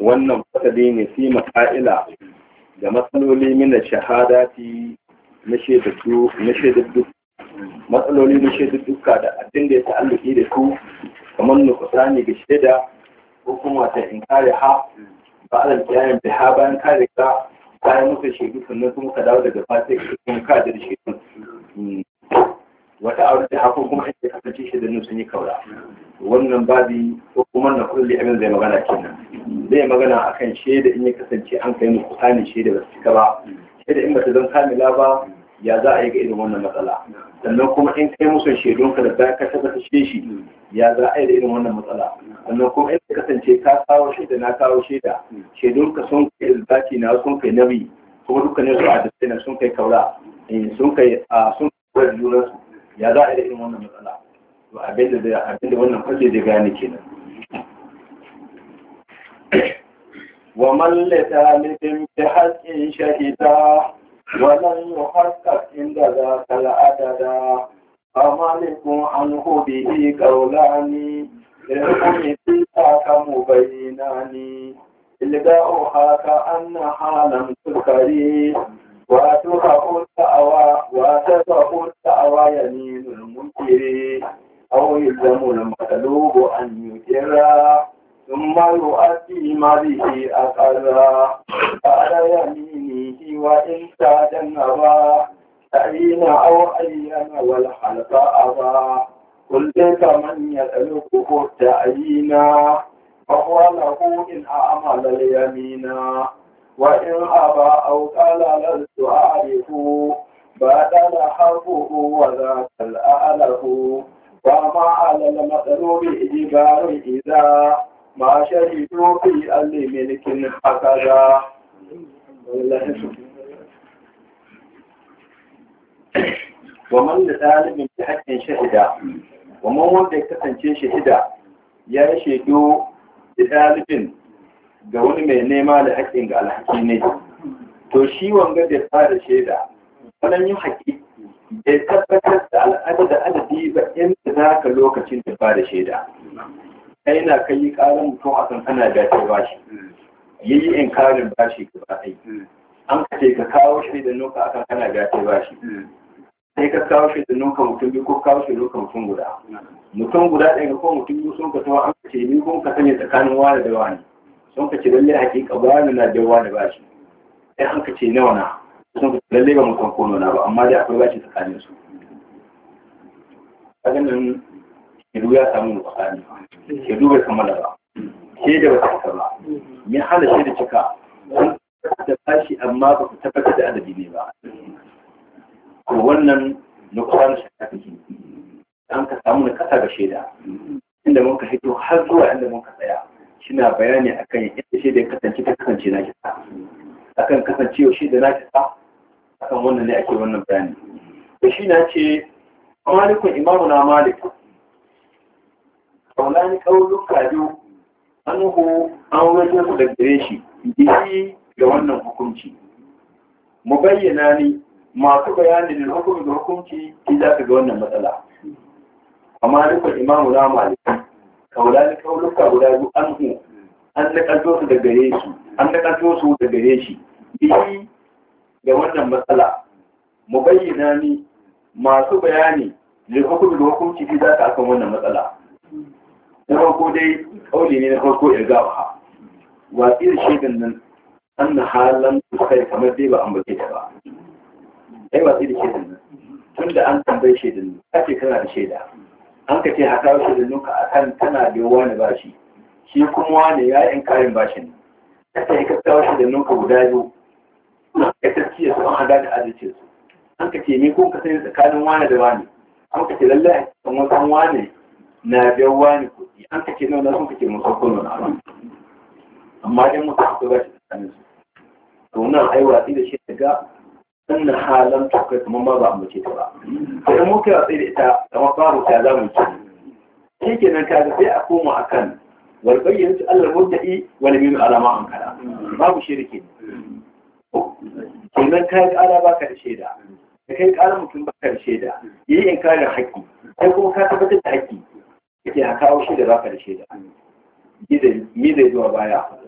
wannan fasali ne fi maka'ila da matsaloli mina shahadati na shaidaddu matsaloli na duka da abin da ya ta'alluki da su kamar nukusani ga shaida ko kuma ta in kare ha ba a kiyayen da ha bayan kare ka bayan muka shaidu sannan kuma ka dawo daga fata ka kuma ka da shaidu hmm. wata aure da haka kuma ake kasance shaidannu sun yi kaura wannan babi ko kuma na kulle abin zai magana kenan zai magana a kan shaida in ya kasance an kai muku kamin shaida ba su cika ba shaida in ba ta zan kamila ba ya za a yi ga irin wannan matsala sannan kuma in kai musu shaidun ka da za ka tabbata shi ya za a yi da irin wannan matsala sannan kuma in ka kasance ka kawo shaida na kawo shaida shaidun ka sun kai zaki na sun kai nabi kuma dukkanin su a dastina sun kai kaura eh, sun kai a sun kai juna ya za a yi da irin wannan matsala abinda wannan kwalle zai gane kenan ومن لثالث بحق شهدا ولن يحقق عند ذاك العددا فمالك عنه به قولان للحكم فيها كمبينان إلقاؤها كأنها لم تذكري وأتبع الدعوى وأتبع الدعوى يمين المنكر أو يلزم المطلوب أن يجرى ثم يؤدي ما به أقلا على يمينه وإن كاد النوى أين أو أين والحلق أرى كل كمن يسلكه التعيينا فهو له إن أعمل اليمين وإن أبى أو قال لست أعرف بعد لحظه وذاك الأله وما على المطلوب إجبار إذا ma shahidu fi alli milkin hakaza wa man da ɗalibin ta haƙƙin shahida wa wanda ya kasance shahida ya yi shaidu da ɗalibin ga wani mai nema da haƙƙin ga alhaki ne to shi wanga da fara shaida wannan yin haƙƙi bai tabbatar da al'adar da adadi ba inda za ka lokacin da fara shaida yana na kai yi karin mutum a kan kana da ce bashi yi yi in karin bashi ka ba hmm. an ka ce ka kawo shi da nuka kan kana da ce bashi hmm. sai ka kawo shi da nuka mutum biyu ko kawo shi da nuka mutum guda mutum guda ɗaya ko mutum biyu sun ka tawa an ka ce ni ko ka sani tsakanin wani da wani sun ka ce lallai hakika wani na da wani bashi sai an ka ce nawa na sun ka ce lallai ba mutum ko na ba amma dai akwai bashi tsakanin su. shaidu ya samu da tsakani shaidu bai kammala ba shaida ba ta cika ba ya hana shaida cika sun da bashi amma ba su tabbatar da adadi ne ba Ko wannan nukuran shi ta fi an ka samu na kasa ga shaida inda mun ka hito har zuwa inda mun ka tsaya shina bayani akan yadda shaida ya kasance ta kasance na kisa akan kasancewa shaida na kisa akan wannan ne ake wannan bayani to shi na ce malikun imamu na malik kaulani kaji biyu ku an wajen su da gare shi bihi da wannan hukunci mu bayyana ni masu bayanin da hukumi da hukunci shi za ka ga wannan matsala amma dukkan imamu na maliki kaulani kauluka guda biyu ku an nakalto su da gare shi an nakalto su da gare shi bihi da wannan matsala mu bayyana ni masu bayani da hukumi da hukunci shi za ka akan wannan matsala na farko dai kauli ne na farko ya gawa watsi da shaidan nan an na halan kai kamar dai ba an bace ta ba ai watsi da shaidan nan tun da an tambayi shaidan nan ake kana da shaida an ka ce haka shaidan nan ka akan tana da yawa na bashi shi kuma wani ya in karin bashin ka ce ka kawo shaidan nan ka guda biyu ka tafiya su an hada da adalcin su an ka ce ni ko ka sani tsakanin wani da wani an ka ce lallai kan wasan wani na biyan wani kuɗi an kace nawa na sun kace musu kullun amma dai mutum ko ba shi tsakanin su to nan ai watsi da shi daga sannan halan to kai kuma ma ba mu ce ta ba to in muke watsi da ita kamar babu ta za mu ce shikenan kaga sai a koma akan wal bayyana Allah muta'i wal min alama an kala babu shirki kenan kai kara baka da shaida da kai kara mutum baka da shaida yi yayi inkarin haƙƙi kai kuma ka tabbatar da haƙƙi yake a kawo da za ka da shaida ni da zuwa baya